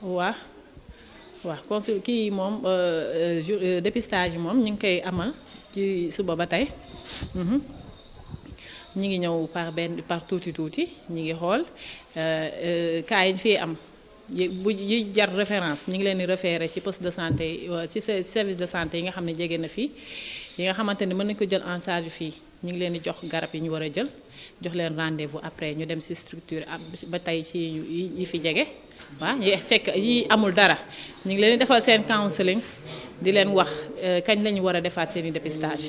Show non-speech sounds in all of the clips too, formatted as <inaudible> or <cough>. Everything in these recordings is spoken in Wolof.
waa waaw consul kii moom euh, euh, euh, dépistage yi moom ñu ngi koy amal ci suba ba tey mhm. ñu ngi ñëw par benn par tuuti tuuti ñu ngi xool cas yi fii am bu yi jar référence ñu ngi leen di référé ci poste de santé ci service de santé yi nga xam ne jege na fii yi nga xamante ne mën nañ ko jël en sage fii. ñu ngi leen di jox garab yi ñu war a jël jox leen rendez-vous après ñu dem si structure am ba tey ci yi fi jege waaw yi fekk yi amul dara ñu ngi leen di defal seen counseling di leen wax euh, kañ lañu war a defaat seen i dépistage.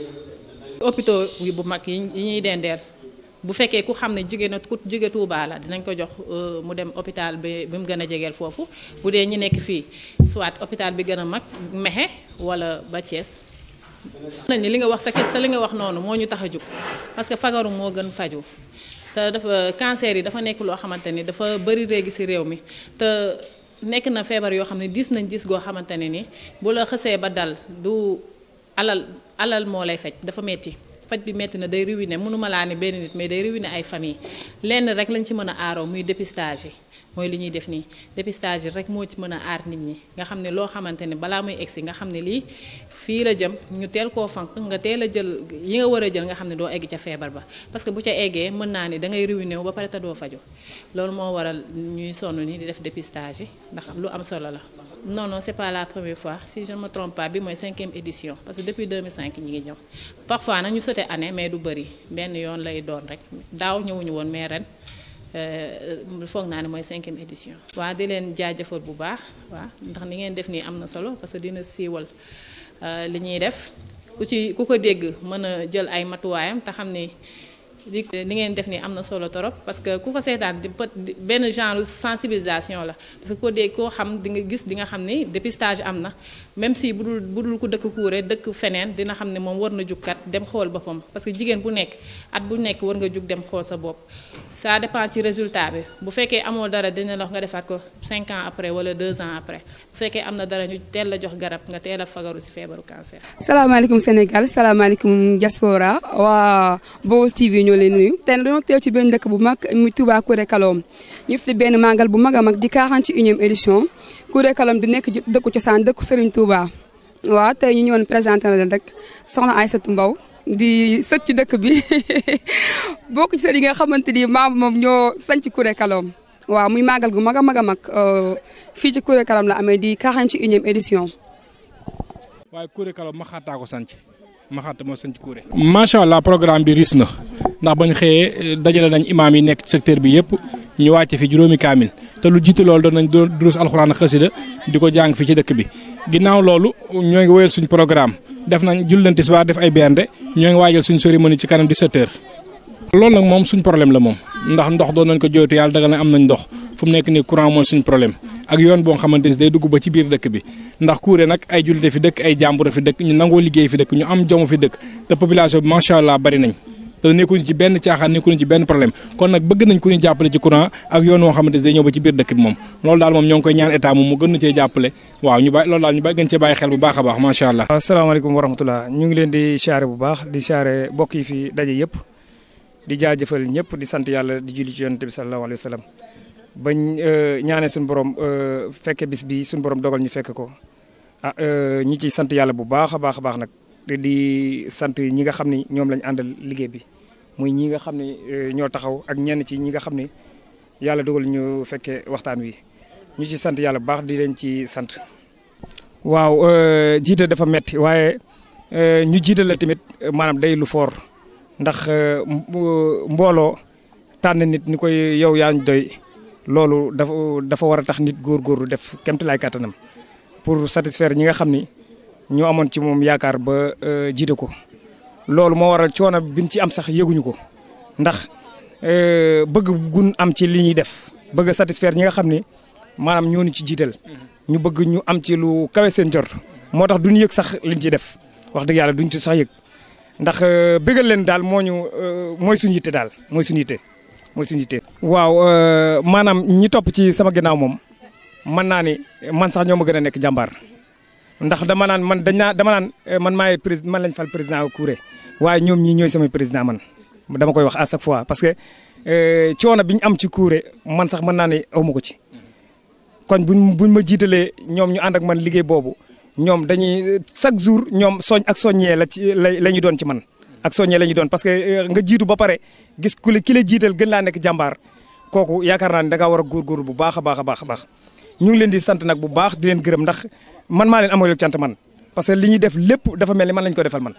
hôpitaux yi bu mag yi ñuy dendeel bu fekkee ku xam ne jóge na ku jóge Touba la dinañ ko jox euh, mu dem hôpital bi mu gën a jegeel foofu bu dee ñu nekk fii soit hôpital bi gën a mag Mexe walla ba Thiès. nañ li nga wax sa kes sa li nga wax noonu moo ñu tax a jóg parce que fagaru moo gën faju te dafa cancer yi dafa nekk loo xamante ni dafa bëri léegi ci réew mi te nekk na feebar yoo xam ne diis nañ diis goo xamante ne ni bu la xësee ba dal du alal alal moo lay faj dafa metti faj bi metti na day ruiner mënuma laa ne benn nit mais day ruiner ay famille lenn rek lañ ci mën a aaro muy dépistage yi mooy li ñuy def nii dépistage yi rek moo ci mën a aar nit ñi nga xam ne loo xamante ne balaa muy si nga xam ne lii fii la jëm ñu teel koo fanq nga teel a jël yi nga war a jël nga xam ne doo egg ca feebar ba parce que bu ca eggee mën naa ne da ngay ruiné wu ba pare te doo faju loolu moo waral ñuy sonn ni di def dépistage yi ndax lu am solo la non non c'est pas la première fois si je ne me trompe pas bi mooy cinquième édition parce que depuis 2005 ñi ngi ñëw parfois nag ñu sote année mais du bëri benn yoon lay doon rek daaw ñëwuñu woon mais ren Euh, foog naa ne mooy cinquième édition. waa di leen jaajëfal bu baax waa ndax ni ngeen def nii am na solo parce que dina siiwal euh, li ñuy def ku ci ku ko dégg mën a jël ay matuwaayam te xam ni. di ni ngeen def ni am na solo torop parce que ku ko seetaan benn genre sensibilisation la parce que koo dee koo xam di nga gis di nga xam ni dépistage am na même si bu dul ko dëkk kuure dëkk feneen dina xam ne moom war na jug kat dem xool boppam parce que jigéen bu nekk at bu nekk war nga jug dem xool sa bopp ça dépend ci résultat bi bu fekkee amoo dara dina la nga defaat ko 5 ans après wala 2 ans après bu fekkee am na dara ñu teel la jox garab nga teel a fagaru si feebaru cancer. ñoo leen nuyu tey dañoo teew ci benn dëkk bu mag muy Touba Kuré Kalom ñu fi benn màggal bu mag a mag di 41e édition Kuré Kalom di nekk dëkku cosaan dëkku Serigne Touba. waaw tey ñu ñëwoon présenté na leen rek soxna Aïssatou mbaw di sët ci dëkk bi <laughs> bokk ci sët yi nga xamante ni maam moom ñoo sanc Kuré Kalom waaw muy màggal gu mag a mag a mag euh, fii ci Kuré Kalom la amee di 41e édition. waaye Kuré Kalom ma xaataa ko sanc Maxaat moo sëñ Kouré. macha allah programme bi riis na ndax bañ xëyee dajale nañ imaam yi nekk ci secteur bi yëpp ñu wàcce fi juróomi kaamil te lu jiite loolu doon nañ durus alxuraan xasida di ko jàng fi ci dëkk bi. ginnaaw loolu ñoo ngi woyal suñ programme def nañ julliti tisbaar def ay bernde ñoo ngi waajal suñ cérémonie ci kanam di heures loolu nag moom suñ problème la moom ndax ndox doon nañ ko jooytu yàlla dagal na am nañ ndox fu mu nekk nii courant mooy suñ problème ak yoon boo xamante ni day dugg ba ci biir dëkk bi ndax Kouré nag ay jullite fi dëkk ay jàmbur fi dëkk ñu nangoo liggéey fi dëkk ñu am jom fi dëkk te population bi macha allah bari nañ te nekkuñu ci benn caaxaan benn problème kon nag bëgg nañ ku ñu jàppale ci courant ak xamante ne day ñëw ba bi moom loolu daal moom ñoo ngi koy ñaan état moom mu gën na cee jàppale waaw ñu bàyyi loolu daal ñu bàyyi gën cee bàyyi xel bu baax a baax macha allah. asalaamaaleykum wa rahmatulah ñu ngi leen di siyaare bu baax di siyaare bokk yi fi daje yëpp di jaajëfal ñëpp di sant yàlla di julli ci yonent bi sallallahu alayhi wa sallam bañ euh, ñaane suñu borom euh, fekke bis bi suñu borom dogal ñu fekk ko ah euh, ñi ci sant yàlla bu baax a baax a baax nag di sant ñi nga xam ne ñoom lañ àndal liggéey bi muy ñi nga xam ne ñoo taxaw ak ñenn ci ñi nga xam ne yàlla dogal ñu fekkee waxtaan wi ñu sant yàlla bu baax di leen ci sant. waaw jiita dafa metti waaye ñu jiite la tamit maanaam day lu foor. ndax euh, mbooloo tànn nit ni koy yow yaa ñu doy loolu dafa dafa war a tax nit góor góorgóorlu def kemti laay kàttanam pour satisfaire ñi nga xam ni ñoo amoon ci moom yaakaar ba euh, jiite ko loolu moo waral coono biñ ci am sax yëguñu ko ndax euh, bëgg gun am ci li ñuy def bëgg a ñi nga xam ni maanaam ñoo ñu ci jiital ñu bëgg ñu am ci lu kawe seen jor moo tax duñ yëg sax liñ ci def wax dëgg yàlla duñ ci sax yëg ndax euh, bëggal leen daal moo ñu euh, mooy suñu yitte daal mooy suñu yitte mooy suñu yitte. waaw euh, maanaam ñi topp ci sama ginnaaw moom mën naa ni man sax ñoo ma gën a nekk jàmbaar ndax dama naan man dañ naa dama naan man maay président man lañ fal président Kouré waaye ñoom ñii ñooy samay président man dama koy wax à chaque fois parce que ci coono bi ñu am ci Kouré man sax man naa ne aw ko ci. kon buñ ma jiitalee ñoom ñu ànd ak man liggéey boobu. ñoom dañuy chaque jour ñoom soñ ak soññee la ci la ñu doon ci man ak soññee la ñu doon parce que euh, nga jiitu ba pare gis ku ki jiital gën laa nekk jàmbaar kooku yaakaar naa ne da war a góorgóorlu bu baax a baax a baax a baax ñu ngi leen di sant nag bu baax di leen gërëm ndax man maa leen amal cant man parce que li ñuy def lépp dafa mel ni man lañ ko defal man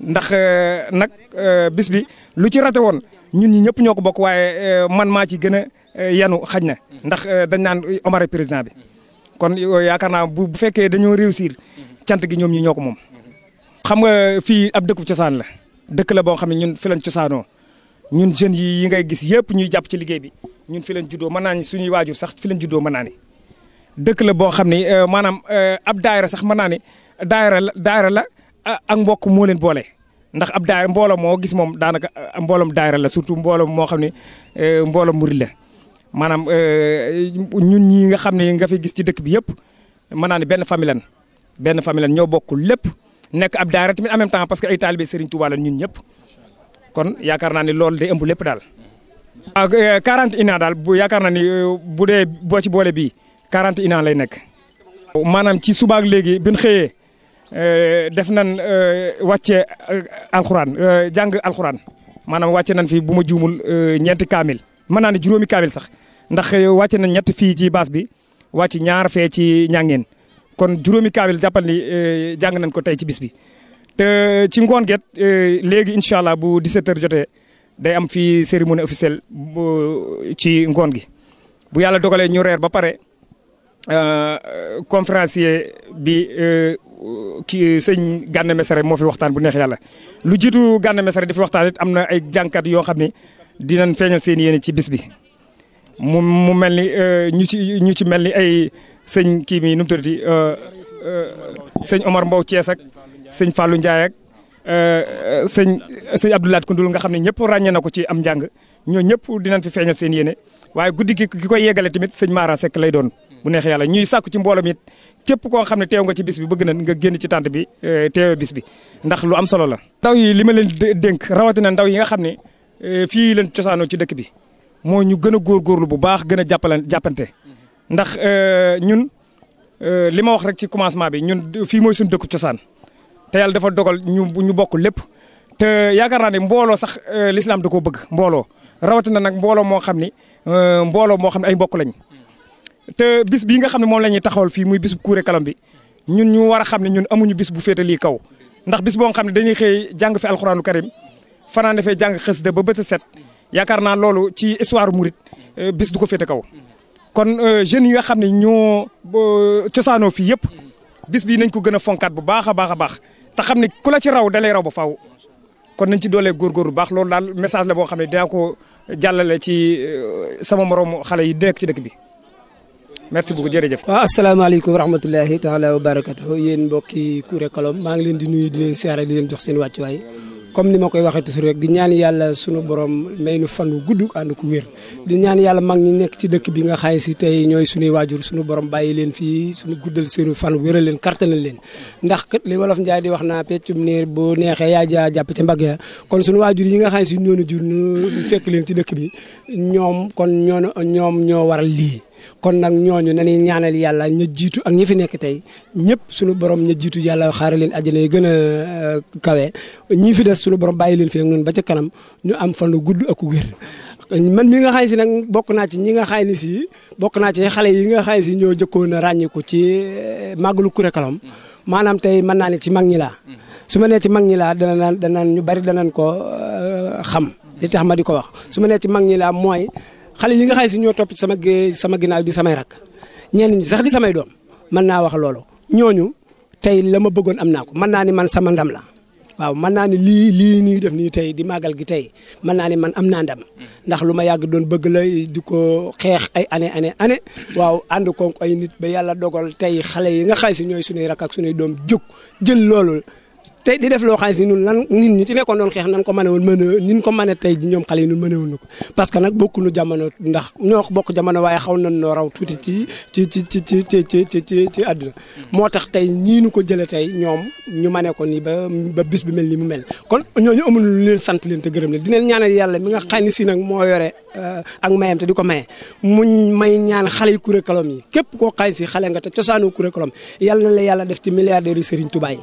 ndax euh, nag euh, bis bi lu ci rate woon ñun ñi ñëpp ñoo ko bokk waaye man maa ci gën a yanu xaj na ndax dañ naan Omar président bi kon yaakaar naa bu bu fekkee dañoo réussir cant gi ñoom ñu ñoo ko moom. xam nga fii ab dëkku cosaan la dëkk la boo xam ne ñun fi lañ cosaanoo ñun jeunes yi yi ngay gis yëpp ñuy jàpp ci liggéey bi ñun fi lañ juddoo mën naa ni suñuy waajur sax fi lañ juddoo mën naa dëkk la boo xam ne euh, maanaam euh, ab daayira sax mën naa ne daayira la daayira la ak mbokk moo leen boole ndax ab daayira mbooloo moo gis moom daanaka mbooloom daayira la surtout mbooloom moo xam ne euh, mbooloom murid la. maanaam euh, ñun ñii nga xam ne nga fi gis ci dëkk bi yëpp mën naa ne benn famille lan benn famille lan ñoo bokk lépp nekk ab daara tamit mi même temps parce que ay taalibe Serigne Touba la ñun ñëpp kon yaakaar naa ne loolu day ëmb lépp daal. ak 41 euh, ans daal bu yaakaar naa ni euh, bu dee boo ci boole bii 41 ans lay nekk. maanaam ci subaak léegi bi ñu xëyee def nan wàcce alxuraan jàng alxuraan maanaam wàcce nan fi bu ma juumul ñeenti kaamil mën naa ne juróomi kaamil sax. ndax wàcc na ñett fii ci baas bi wàcc ñaar fee ci ñàngeen kon juróomi kaamil jàppal ni euh, jàng nañ ko tey ci bis bi. te euh, ci ngoon get euh, léegi incha allah bu 17h day am fii cérémonie officielle ci ngoon gi bu yàlla dogalee ñu reer ba pare conférencier bi ki sëñ Gana Messere moo fi waxtaan bu neex yàlla. lu jiitu Gana Messere di fi waxtaan it am na ay jànkat yoo xam ne dinañ feeñal seen yéene ci bis bi. mu mu mel ni euh, ñu ci ñu ci mel ni ay sëñ kii mi nu mu tuddati euh, euh, sëñ Omar Mbow Thiès ak sëñ Fallou Ndiaye ak sëñ sëñ Abdoulaat Koundoul nga xam ne ñëpp ràññee na ko ci am njàng ñoo ñëpp dinañ fi feeñal seen yéene waaye guddi gi ki ko yeggale tamit sëñ Mara Seck lay doon bu neex yàlla ñuy sàkku ci mbooloo mi it képp koo xam ne teew nga ci bis bi bëgg na nga génn ci tant bi teewee bis bi ndax lu am solo la. ndaw yi li ma leen dénk rawatina ndaw yi nga xam ne fii leen cosaanoo ci dëkk bi. mooy ñu gën góor góorgóorlu bu baax gën a jàppale jàppante ndax euh, ñun euh, li ma wax rek ci commencement bi ñun fii mooy suñ dëkku cosaan te yàlla dafa dogal ñu ñu bokk lépp te yaakaar naa ne mbooloo sax euh, lislaam da koo bëgg mbooloo rawatina nag mbooloo moo xam ni mbooloo moo xam ne ay mbokk lañ te bis bi nga xam ne moom la ñuy taxawal fii muy bis bu Kuuré Kalom bi ñun ñu war a xam ne ñun amuñu bis bu féete lii kaw ndax bis boo xam ne dañuy xëy jàng fi alxuraanu karim fanaan dafay jàng xës de ba bët set. yaakaar naa loolu ci histoire murit euh, bis du ko féete kaw kon euh, jeunes yi nga xam ne ñoo cosaanoo fii yëpp bis bii nañ ko gën a fonkaat bu baax a baax a baax te xam ne ku la ci raw dalay raw ba faw kon nañ ci doole góorgóor bu baax loolu daal message la boo xam ne dinaa ko jàllale ci euh, sama moroom xale yi nekk ci dëkk bi merci beaucoup jërëjëf. waaw asalaamaaleykum wa rahmatulahi taala wa barakatuh yéen mbokki Kuure Kalom maa ngi leen di nuyu di leen siyaare di leen jox seen wàccuwaay. comme ni ma koy waxee toujours rek di ñaan yàlla sunu borom may nu fan wu gudd ànd ku wér di ñaan yàlla mag ñi nekk ci dëkk bi nga xaay si tey ñooy sunuy waajur sunu borom bàyyi leen fii suñu guddal seenu fan wéral leen kartanal leen ndax kat li wolof njaay di wax naa peccum niir boo neexee yaa jaa jàpp ci mbag ya kon sunu waajur yi nga xaay si ñoonu jur ñu fekk leen ci dëkk bi ñoom kon ñoon ñoom ñoo waral lii kon nag ñooñu nañuy ñaanal yàlla ña jiitu ak ñi fi nekk tey ñëpp suñu borom ña jiitu yàlla xaare leen àjjana yi gën a euh, kawe ñii fi des sunu borom bàyyi leen fi ak noonu ba ca kanam ñu am fan lu gudd ak wér man mi nga xay si nag bokk naa ci ñi nga xay ni si bokk naa ci xale yi nga xay si ñoo jëkkoon a ràññeeku ci euh, màggalu Kuré Kalom maanaam tey mën naa ne ci mag ñi laa su ma nee ci mag ñi laa dana naan dana ñu bari danañ ko euh, xam li tax ma di ko wax su ma nee ci mag ñi laa mooy xale yi nga xay si ñoo topp ci sama sama ginnaaw di samay rakk ñenn ñi sax di samay doom mën naa wax loolu ñooñu tey la ma bëggoon am naa ko mën naa ni man sama ndam la waaw mën naa ni lii lii ñuy def nii tey di màggal gi tey mën naa ni man am naa ndam ndax lu ma yàgg doon bëgg la di ko xeex ay année année année waaw ànd ko ay nit ba yàlla dogal tey xale yi nga xay si ñooy suñuy rakk ak suñuy doom jóg jël loolu tey di def loo xam si ñun lan nit ñi ci nekkoon doon xeex nan ko mën a woon mën a nin ko mën tey ji ñoom xale yi ñun mën a woon ko parce que bokk bokkuñu jamono ndax ñoo bokk jamono waaye xaw nañ noo raw tuuti ci ci ci ci ci ci ci ci ci àdduna moo tax tey ñii ñu ko jëlee tey ñoom ñu mane ko nii ba ba bis bi mel ni mu mel kon ñooñu amul lu leen sant leen te gërëm leen dinañ ñaanal yàlla mi nga xam ne si nag moo yore ak mayam te di ko maye muñ may ñaan xale yi Kuré Kalom yi képp koo xay si xale nga te cosaanu Kuré Kalom yalla na la yàlla def ci milliardaires yi Serigne Touba yi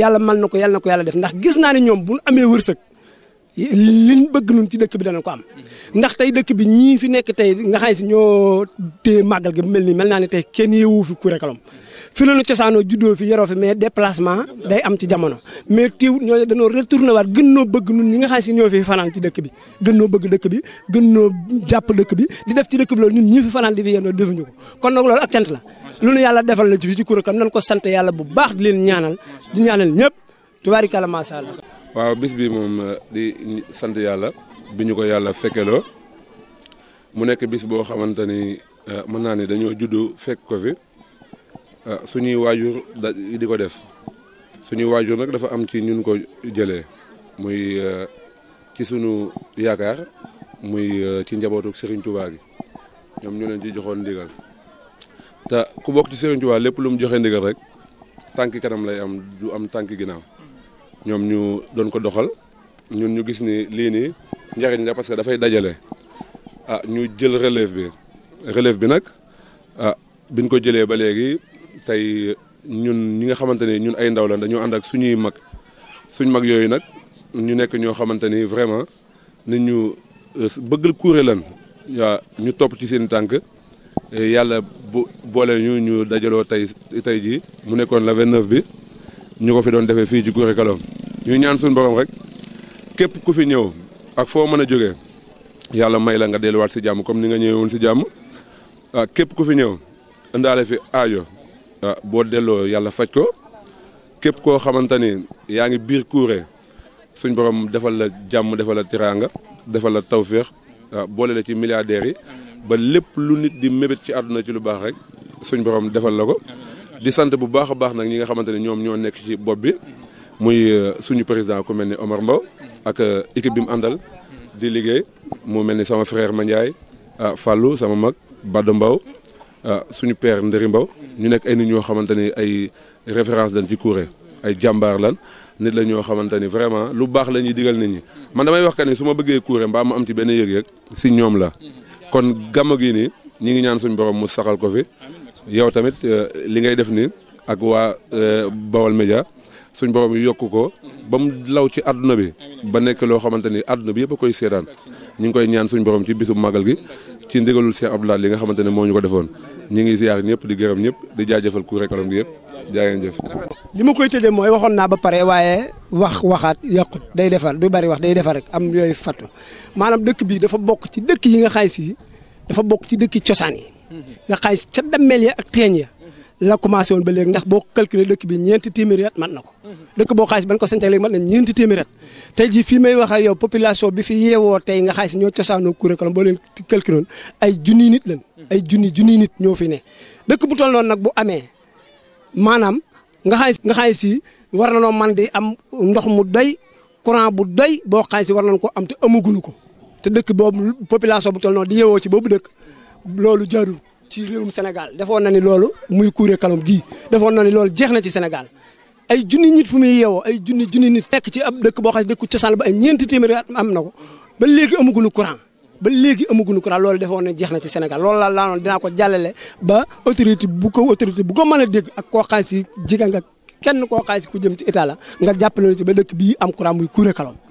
yàlla mal na ko yàlla ko yàlla def ndax gis naa ne ñoom bu ñu amee wërsëg liñ bëgg nun ci dëkk bi dana ko am ndax tey dëkk bi ñii fi nekk tey nga xam si ñoo téye màggal gi mel ni mel naa ne tey kenn yeewu fi Kuré Kalom fi la ñu cosaanoo juddoo fi yaroo fi mais déplacement day am ci jamono mais tiw ñoo dañoo retourné waat gën noo bëgg nun ñi nga xam si ñoo fanaan ci dëkk bi gën noo bëgg dëkk bi gën noo jàpp dëkk bi di def ci dëkk bi loolu ñun ñii fi fanaan di fi yendoo defuñu ko kon nag loolu ak cant la lu nu yàlla defal na ci fii ci Koura Kane nañ ko sant yàlla bu baax di leen ñaanal di ñaanal ñëpp tubaarikàlla macha allah. waaw bis bii moom euh, di sant yàlla bi ñu ko yàlla fekkee loo mu nekk bis boo xamante ni euh, mën naa ni dañoo juddu fekk ko fi euh, suñuy waajur da di ko def suñuy waajur nag dafa am ci ñun ko jëlee muy ci sunu yaakaar muy ci njabootu Serigne Touba gi ñoom ñu leen ci joxoon ndigal. te ku bokk ci Serigne Touba lépp lu mu joxe ndigal rek tànk kanam lay am du am tànk ginnaaw ñoom ñu doon ko doxal ñun ñu gis ni lii nii njariñ la parce que dafay dajale ah ñu jël relève bi relève bi nag ah biñ ko jëlee ba léegi tey ñun ñi nga xamante ni ñun ay ndaw la dañoo ànd ak suñuy mag suñ mag yooyu nag ñu nekk ñoo xamante ni vraiment nit ñu euh, bëggal kuure lan waa ñu topp ci seen tànk yàlla bu boole ñu ñu dajaloo tey tey jii mu nekkoon la 29 bi ñu ko fi doon defee fii ci Gouye Kalom ñu ñaan suñ borom rek képp ku fi ñëw ak foo mën a jóge yàlla may la nga delluwaat si jàmm comme ni nga ñëwee woon si jàmm ah, képp ku fi ñëw indaale fi aajo ah boo delloo yàlla faj ko képp koo xamante ni yaa ngi biir kuure suñ borom defal la jàmm defal la tiraanga defal la tawféex ah, boole la ci milliardaires yi. ba lépp lu nit di mébét ci àdduna ci lu baax rek suñ borom defal la ko di sant bu baax a baax nag ñi nga xamante ne ñoom ñoo nekk ci bopp bi muy euh, suñu président ku mel ni Omar Mbow ak euh, équipe bi mu àndal di liggéey mu mel ni sama frère Mandiaye ah sama mag Bada Mbow suñu père Ndëri Mbow ñu nekk ay nit ñoo xamante ni ay référence dañ ci Kouré ay jàmbaar lan nit la ñoo xamante ni vraiment lu baax la ñuy digal nit ñi man damay wax que ni su ma bëggee Kouré mbaa am ci benn yëg-yëg si ñoom la kon gàmmu gi nii ñu ngi ñaan suñu borom mu saxal ko fi yow tamit euh, li ngay def nii ak waa euh, Bawal Média suñ borom yokk ko ba mu law ci àdduna bi ba nekk loo xamante ni àdduna bi yëpp a koy seetaan ñu ngi koy ñaan suñ borom ci bisu màggal gi ci ndigalul Cheikh Abdoulaye li nga xamante ne moo ñu ko defoon ñu ngi ziar ñëpp di gërëm ñëpp di jaajëfal ku rekalam gi yëpp jaa ngeen jëf. li ma koy tëjee mooy waxoon naa ba pare waaye. wax waxaat yàqut day defar du bari wax day defar rek am yooyu fattu maanaam dëkk bi dafa bokk ci dëkk yi nga xay yi dafa bokk ci dëkk cosaan yi nga xay si ca dammeel ak teeñ ya la commencé woon ba léegi ndax boo calculé dëkk bi ñeenti téeméeri at mat na ko dëkk boo xay si ban ko sancak léegi na ñeenti téeméeri at tey fii may wax ak yow population bi fi yeewoo tey nga xay si ñoo cosaanoo Kouré Kalom boo leen calculé woon ay junni nit lañ ay junni junni nit ñoo fi ne dëkk bu toll nag bu amee maanaam nga war na noo man di am ndox mu doy courant bu doy boo xay si war nañ ko am te amaguñu ko te dëkk boobu population bu toll noon di yeewoo ci boobu dëkk loolu jaarul ci réewum Sénégal defoon na ni loolu muy Kuuré Kalom gii defoon na ni loolu jeex na ci Sénégal ay junni nit fu mu yeewoo ay junni junni nit nekk ci ab dëkk boo xam ne dëkku cosaan ba ay ñeenti téeméeri at am na ko ba léegi amaguñu courant ba léegi amaguñu courant loolu defoon na jeex na ci senegal loolu la laanoon dinaa ko jàllale ba autorité bu ko autorité bu ko mën a dégg ak koo xam si jigéen kenn koo xaalis ku jëm ci état nga jàppale ci ba dëkk bii am courant muy Kuure Kalom